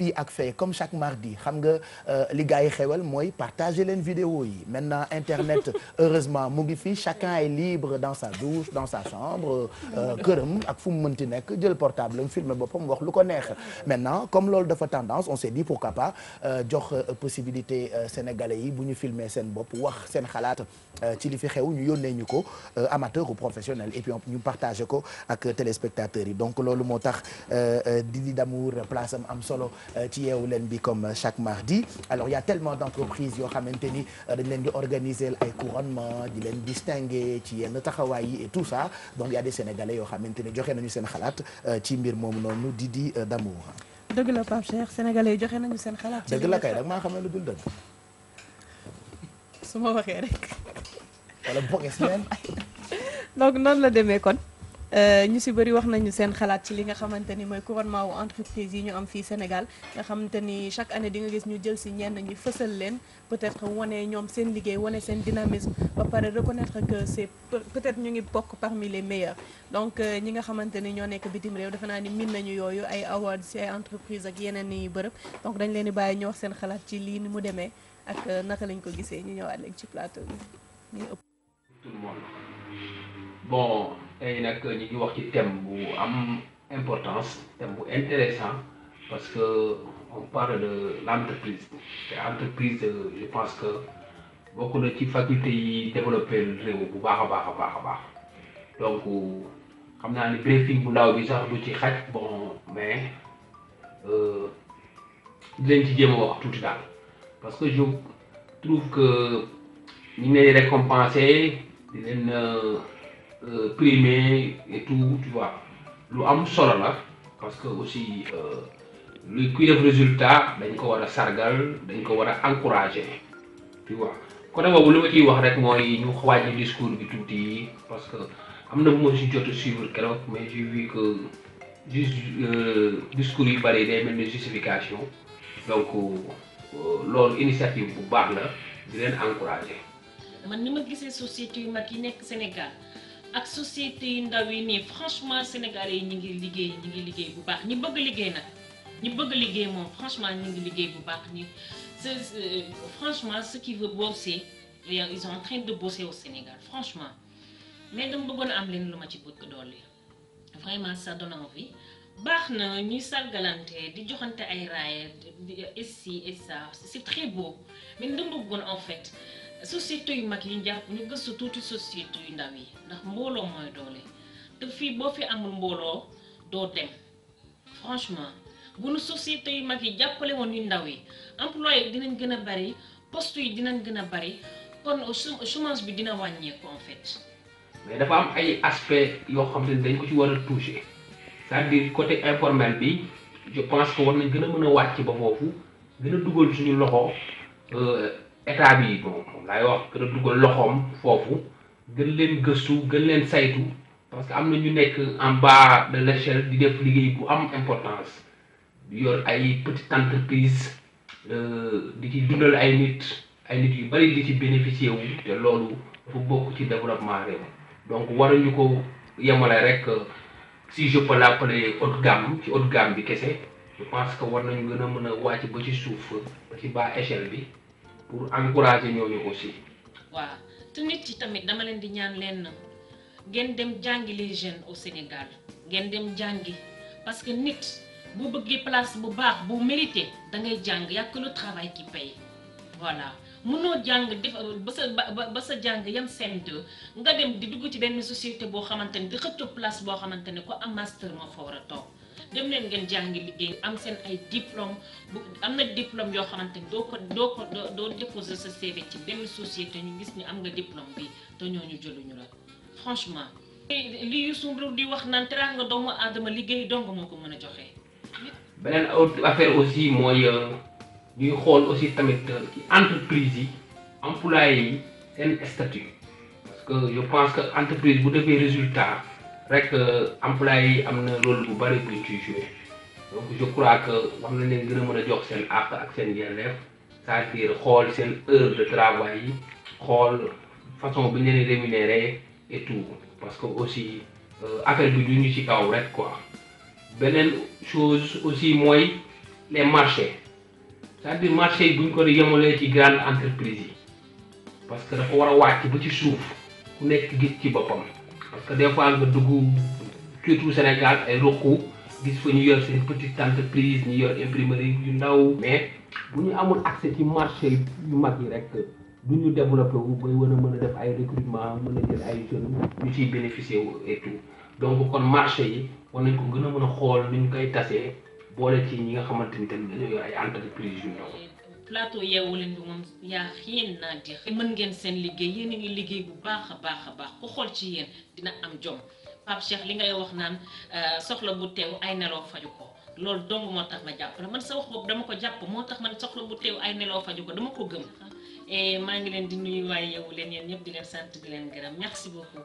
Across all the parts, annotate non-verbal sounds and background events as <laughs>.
fii ak fee comme chaque mardi xam nga euh, li gars yi xewal mooy partager leen vidéo yi maintenant internet <laughs> heureusement mu ngi fii chacun est libre dans sa douche dans sa chambre euh, këram ak fu mu mënti nekk jël portable am filmer boppam wax lu ko neex maintenant comme loolu dafa tendance on s'est dit pourquoi pas euh, jox possibilité sénégalais yi bu ñu filmer seen bopp wax seen xalaat ci li fi xew ñu yónnee ñu ko amateur ou professionnel et puis ñu partagé ko ak téléspectateurs yi donc loolu moo tax Didi Damour place am am solo Euh, ci yeewu leen bi comme euh, chaque mardi alors il y a yoo xamante ni euh, dañ leen di organiser ay couronnement di leen distinguer ci yenn taxawaay yi et tout ça donc il y a des yoo xamante ni joxe nañu seen xalaat ci mbir moomu noonu di di d'amour dëgg la Pape Cheikh sénégalais yi joxe nañu seen xalaat. dëgg la kay dag maa xamal lu dul dëgg. su ma waxee rek. wala boog <laughs> donc noonu la demee kon. Euh, ñu si bëri wax nañu seen xalaat ci li nga xamante ni mooy couronnement wu entreprise yi ñu am fii Sénégal nga xamante ni chaque année di nga gis ñu jël si ñenn ñi fësal leen peut-être wane ñoom seen liggéey wane seen dynamisme ba pare reconnaître que c'est peut-être ñu ngi bokk parmi les meilleurs donc euh, ñi nga xamante ni ñoo nekk bitim réew defe naa ni miin nañu yooyu ay awards si ay entreprise ak yeneen i bërëb donc dañ leen di bàyyi ñu wax seen xalaat ci lii ni mu demee ak euh, naka lañ ko gisee ñu ñëwaat léegi ci plateau bi ñu ëpp. bon. i nag ñu ngi wax ci thème bu am importance thème bu intéressant parce que on parle de l'entreprise te entreprise je pense que bokk na ci faculté yi développé réew bu baax a baax a baax a baax donc xam naa ni briefing bu ndaw bi sax du ci xaj bon mais euh, dinañ ci jéem a wax tuuti daal parce que je trouve que ñu ngi leen récompensé euh, leen. Euh, primé et tout tu vois lu am solo la parce que aussi euh, lu kuy def résultat dañ ko war a sargal dañ ko war a encourager tu vois côté boobu li ma ciy wax rek mooy ñu wàññi discours bi tuuti parce que am na bu ma si jot a suivre keroog mais j'ai vu que juste euh, discours yu bëri day mel ni justification donc loolu initiative bu baax la di leen encourager. man ni ma gisee société yu mag yi nekk Sénégal. ak société yu ndaw yi nii franchement sénégal yi ñu ngi liggéey ñu ngi liggéey bu baax ñi bëgg liggéey nag ñi bëgg liggéey moom franchement ñu ngi liggéey bu baax ni franchement ceux qui veulent bosser ils sont en train de bosser Sénégal franchement mais dama bëggoon am leen lu ma ci bëgg dolli vraiment ça donne envie baax na ñuy sargalante di joxante ay raaya et ci et ça c'est très beau mais dama bëggoon en fait société yu mag yi njàpp ñu gëstu tuuti société yu ndaw yi ndax mbooloo mooy doole te fii boo fi amul mbooloo doo dem franchement bu nu société yu mag yi jàppale woon yu ndaw yi emploi yi dinañ gën a bari poste yi dinañ gën a bari kon chômage bi dina wàññeeku en mais dafa am ay aspect yoo xam ne dañ ko ci war a toucher cest à côté informel bi je pense que war nañ gën a mën a wàcc ba foofu gën a dugal suñu loxo. Euh, état bi bon moom laay wax gën a dugal loxoom foofu gën leen gëstu gën leen saytu parce que am na ñu nekk en bas de l'échelle di def liggéey bu am importance di yor ay petite entreprise euh, di ci dundal ay nit ay nit yu bari di ci bénéficier wu te loolu dafa bokk ci développement réew donc war waruñu ko yemale rek euh, si je peux l'appeler haute gamme ci haute gamme bi kese je pense que war nañu gën a mën a wàcc ba ci suuf ba ci bas échelle bi pour encourager ñooñu aussi. waaw te nit yi tamit dama leen di ñaan leen na ngeen dem jàngi les jeunes au Sénégal ngeen dem jàngi parce que nit bu bëggee place bu baax bu mérité da ngay jàng y a que le travail qui paye voilà. mënoo jàng def ba sa ba sa jàng yam seen deux nga dem di dugg ci benn société boo xamante ne di xëccoo place boo xamante ne ko am master moo fa war a toog. dem leen ngeen jàngi liggéey am seen ay diplôme bu am na diplôme yoo xamante ni doo ko doo ko doo déposer sa CV ci benn société ñu gis ni am nga diplôme bi te ñooñu jëluñu la franchement li Youssou Ndour di wax naan nga doomu aadama liggéey dong moo ko mën a joxe. beneen affaire aussi mooy euh, ñuy xool aussi tamit euh, ci entreprise yi employé yi seen statut parce que je pense que entreprise bu defee résultat rek employé yi am na rôle bu bëri bu ciy joué donc je crois que war na leen gën a mën a jox seen àq ak seen yelleef cest à xool seen heure de travail yi xool façon bi ñu leen rémunéré et tout parce que aussi euh, affaire bi ñu ñu ci kaw rek quoi beneen chose aussi mooy les marché cest à marché buñ bu ñu ko ci grande entreprise yi parce que dafa war a wàcc ba ci suuf ku nekk gis ci boppam. parce que des fois nga dugg surtout Sénégal ay ruq gis fa ñu yor seen petite entreprise ñu yor imprimerie yu ndaw. mais bu ñu amul accès ci marché yu mag yi rek du ñu développé wu bay wën a mën a def ay recrutement mën a jël ay jeunes ñu ciy bénéficier wu donc kon marché yi war nañ ko gën a mën a xool ni koy tasee boole ci ñi nga xamante ni tamit ay entreprise yu ndaw. plateau yeewu leen bi moom yaa rien naa di mën ngeen seen liggéey yéen ngi liggéey bu baax a baax a baax ku xool ci yéen dina am jom Pape Cheikh li ngay wax naan euh, soxla bu teew ay neloo faju ko loolu dong moo tax ma jàpp la man sa wax boobu dama ko jàpp moo tax man soxla bu teew ay nelaw faju ko dama ko gëm maa ngi leen di nuyu waaye yeewu leen yéen ñëpp di leen sant bi leen gërëm merci beaucoup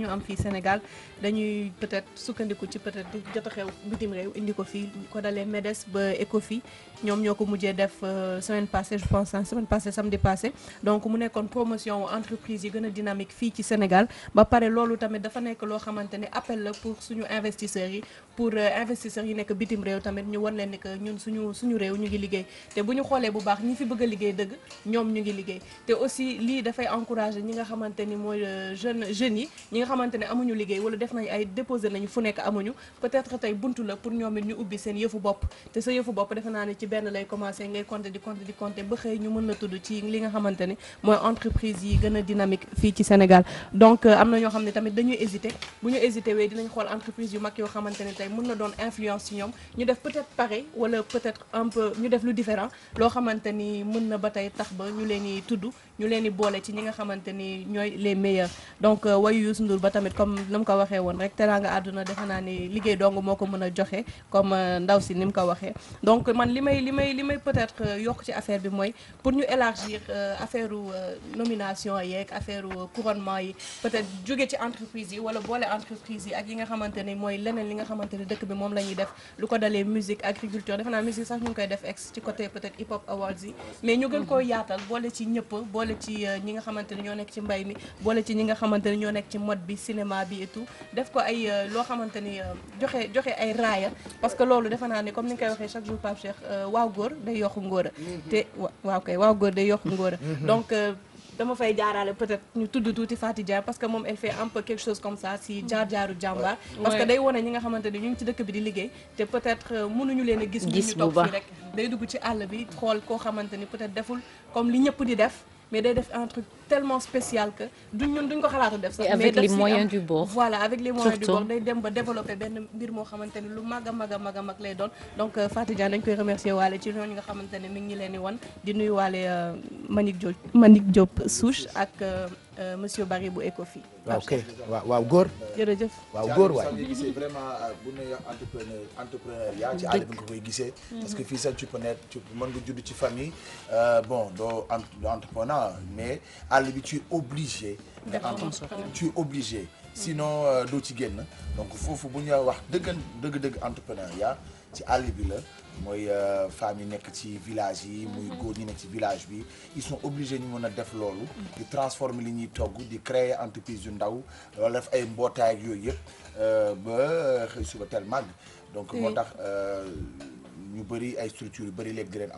ñu am fii Sénégal dañuy peut-être sukkandiku ci peut-être jot a xew bitim réew indi ko fii ko dalee MEDES ba ECOFI ñoom ñoo ko mujjee def euh, semaine passée je pense semaine passée samedi passé donc mu nekkoon promotion entreprise yi gën a dynamique fii ci Sénégal ba pare loolu tamit dafa nekk loo xamante ne appel la pour suñu investisseurs yi pour euh, investisseurs yi nekk bitim réew tamit ñu wan leen ni que ñun suñu suñu réew ñu ngi liggéey te bu ñu xoolee bu baax ñi fi bëgg a liggéey dëgg ñoom ñu ngi liggéey te ñi nga xamante ni mooy euh, yi xamante ne amuñu liggéey wala def nañ ay déposé nañu fu nekk amuñu peut-être tey buntu la pour ñoom it ñu ubbi seen yëfu bopp te sa yëfu bopp defe naa ne ci benn lay commencé ngay compter di compter di compter ba xëy ñu mën la tudd ci li nga xamante mooy entreprise yi gën a dynamique fii ci Sénégal donc euh, am na ñoo xam ne tamit dañuy hésité bu ñu hésité wee dinañ xool entreprise yu mag yoo xamante ne tey mën na doon influence ci ñoom ñu def peut-être pareil wala peut-être un peu def lu différent loo xamante ni mën na ba tey tax ba ñu leen di tudd ñu leen di boole ci ñi nga xamante ni ñooy les meilleurs euh, Ndour ba tamit comme àdduna defe naa ni liggéey dong moo ko mën a joxe comme euh, ndaw si ni mu ko waxee donc man li may li may peut-être euh, yokk ci affaire bi mooy pour ñu élargir euh, affaire u nomination yeeg affaire couronnement yi peut-être jóge ci entreprise yi wala boole entreprise yi ak yi nga xamante ni mooy leneen li nga xamante ni dëkk bi moom la def lu ko dalee musique agriculture defe naa musique sax ñu ngi koy def ex ci côté peut-être hip hop awards théâtre bi cinéma bi et tout def ko ay euh, loo xamante euh, joxe joxe ay raaya parce que loolu defe naa ne comme ni nga koy waxee chaque jour Pape Cheikh euh, waaw góor day yokku ngóor a mm-hmm. te waaw kay mm-hmm. donc dama fay jaaraale peut-être ñu tudd tuuti Fatou Dia parce que moom elle fait un peu quelque chose comme ça si jaar-jaaru jàmbaar parce que day wane ñi nga xamante ne ñu ngi ci dëkk bi di liggéey te peut-être mënuñu leen a gis ñu ñu toog fii rek day dugg ci àll bi xool koo xamante ni peut-être deful comme def mais tellement spécial que duñ ñun duñ ko xalaatu def sax. mais avec les moyens du bord. voilà avec les moyens du bord day dem ba développer benn mbir moo xamante ne lu mag a mag a mag a mag lay doon donc euh, Fatou Diagne dañ koy remercier waale ci ñooñu nga xamante ne mi ngi ñu leen di wan di nuyu waale euh, Manik Diop Manik Diop Souche ak. Euh, monsieur Barry bu Ecofi. Ah, ok waaw waaw góor. jërëjëf waaw góor waay. c'est vraiment bu a entrepreneur entrepreneuriat ci àll bi nga koy gisee. parce que fii sax tu peux naître tu mën nga judd ci famille bon doo entrepreneur àll bi tu es obligé. am tu es sinon euh, doo ci génn donc foofu bu ñu wax dëgg dëgg-dëgg entrepreneuriat ci àll bi la mooy euh, femmes yi nekk ci village yi muy mhm. góor ñu ne ci village bi ils sont obligés ñu mën a def loolu di transforme li ñuy togg di créer entreprise yu ndaw wala def ay mbootaay yooyu yëpp euh, ba xëy suba tel màgg donc moo mm. tax ñu bëri ay structures yu bëri léegi di leen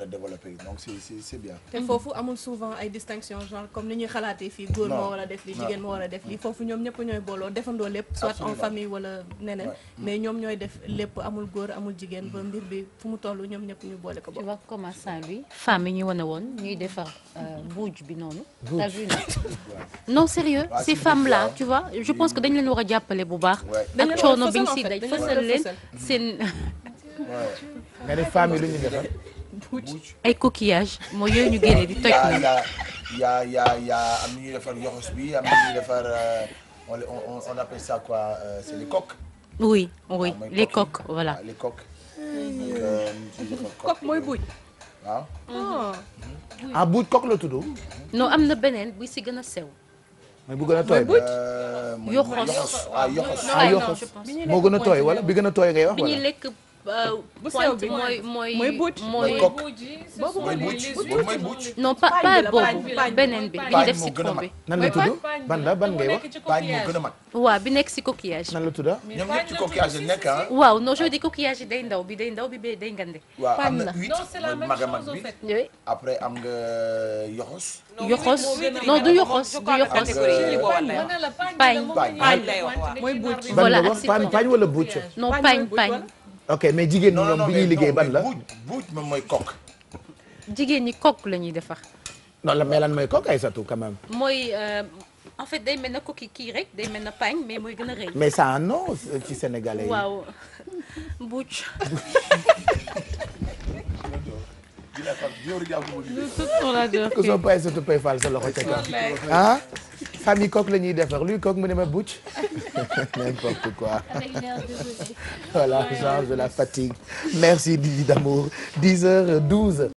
a développer donc c'est c'est c'est bien. te foofu amul souvent ay distinction genre comme ni ñuy xalaatee fii. góor moo war a def li jigéen moo war a def li foofu ñoom ñëpp ñooy booloo defandoo lépp. soit en famille wala neneen. Mm. mais ñoom ñooy def lépp amul góor amul jigéen ba mbir bi fu mu toll ñoom ñëpp ñu boole ko ba. tu vois comment Saint-Louis femme yi ñu wane woon ñuy defar euh, buuj bi noonu. t'as vu non <laughs> sérieux ces femmes là tu vois je pense que dañ leen war a jàppale bu baax. ak coono bi ñu si daj seen mm. nga ne famille lu ñu defar. ay coquillage mooy yooyu ñu génnee di toj na. yaa yaa yaa am na ñuy defar yoxos bi am na ñuy defar euh, on on on appelle ça quoi euh, c'est les coques. oui oui ah, les coques voilà. Ah, les hmm. euh, coques. coque mooy buuj. waaw. Ah. ah buuj coque la tudd. non am na beneen bu si gën a sew. mooy bu gën a tooy. yoxos yoxos ah yoxos. moo gën a tooy wala bi gën a tooy ngay wax wala. bi ñuy lekk bu sew bi mooy mooy mooy buuc mooy boobu mooy buuc non pas pas boobu beneen bi li ñu def citron bi nan la tudd ban la ban ngay wa paañ bi nekk si coquillage nan la tudd ñoom ñëpp ci coquillage yi nekk ah waaw non je coquillage day ndaw bi day ndaw bi ba day ngande waaw am na huit mooy mag a mag bi après am nga yoxos yoxos non du yoxos du yoxos paañ paañ mooy buuc voilà paañ wala buuc non paañ paañ ok mais jigéen ñi ñoom bi ñuy liggéey ban la buuj buuj moom mooy kokk jigéen ñi kokk la defar non la mais lan mooy kokk ay satu quand mooy euh, en fait day mel na kokki kii rek day mel na pañ mais mooy gën a rëy mais ça non euh, ci sénégalais yi waaw buuj jor jàpp satu pay fal sa loxo ca kaw ah famille coque la ñuy defar luy coque mu ne ma bucc <laughs> n'importe quoi voilà genre de la fatigue merci Didi d'amour 10 heures 12